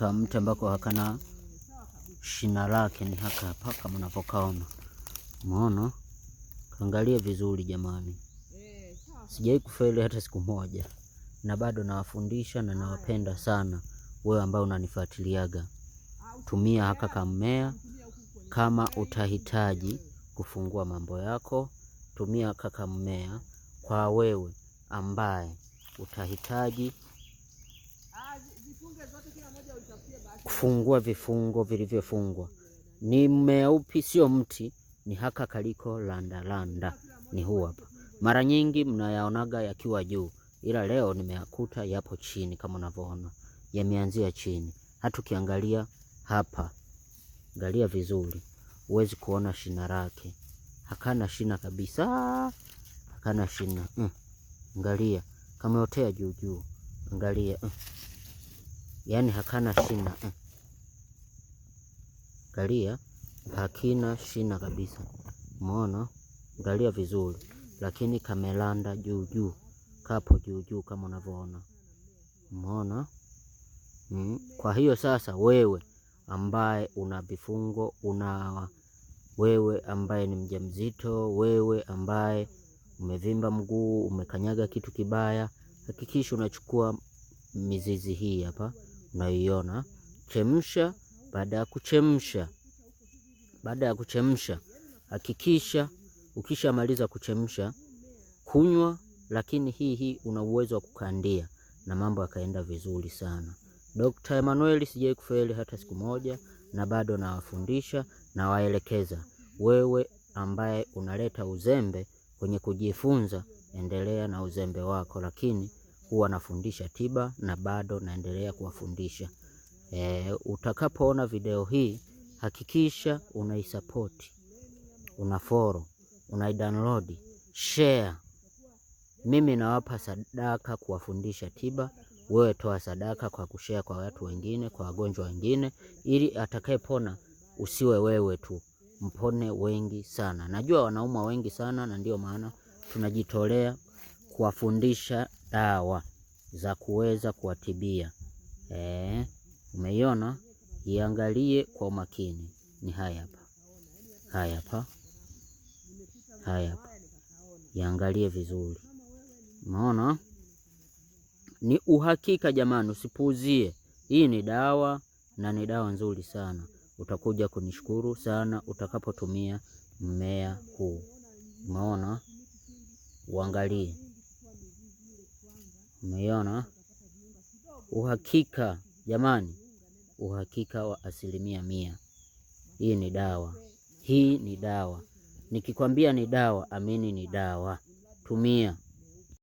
Ka mti ambako hakana shina lake ni haka hapa kama mnapokaona. Umeona? Kaangalia vizuri jamani. Sijai kufeli hata siku moja, na bado nawafundisha na nawapenda sana. Wewe ambao unanifuatiliaga, tumia haka kammea kama utahitaji kufungua mambo yako. Tumia haka kammea kwa wewe ambaye utahitaji kufungua vifungo vilivyofungwa. Ni mmea upi? Sio mti, ni haka kaliko landa landa, ni huu hapa. Mara nyingi mnayaonaga yakiwa juu, ila leo nimeyakuta yapo chini, kama unavyoona yameanzia chini. Hata ukiangalia hapa, angalia vizuri, huwezi kuona shina lake, hakana shina kabisa, hakana shina mm. Angalia kameotea juu juu, angalia mm. Yaani hakana shina mm angalia hakina shina kabisa, umeona? Angalia vizuri, lakini kamelanda juu juu, kapo juu juu kama unavyoona, umeona? Mm. Kwa hiyo sasa wewe ambaye una vifungo una wewe ambaye ni mjamzito, wewe ambaye umevimba mguu, umekanyaga kitu kibaya, hakikisha unachukua mizizi hii hapa, unaiona, chemsha baada ya kuchemsha, baada ya kuchemsha, hakikisha ukishamaliza kuchemsha, kunywa, lakini hii hii una uwezo wa kukandia, na mambo yakaenda vizuri sana. Dr. Emmanuel sijai kufeli hata siku moja, na bado nawafundisha na waelekeza. Wewe ambaye unaleta uzembe kwenye kujifunza, endelea na uzembe wako, lakini huwa nafundisha tiba na bado naendelea kuwafundisha. E, utakapoona video hii hakikisha unaisapoti, una follow, una download, share. Mimi nawapa sadaka kuwafundisha tiba, wewe toa sadaka kwa kushare kwa watu wengine, kwa wagonjwa wengine, ili atakayepona usiwe wewe tu, mpone wengi sana. Najua wanaumwa wengi sana, na ndio maana tunajitolea kuwafundisha dawa za kuweza kuwatibia eh. Umeiona? Iangalie kwa umakini. Ni haya hapa, haya hapa, haya hapa, iangalie vizuri. Umeona? Ni uhakika jamani, usipuuzie. Hii ni dawa na ni dawa nzuri sana. Utakuja kunishukuru sana utakapotumia mmea huu. Umeona? Uangalie, umeiona? Uhakika jamani uhakika wa asilimia mia. Hii ni dawa, hii ni dawa. Nikikwambia ni dawa, amini ni dawa. Tumia.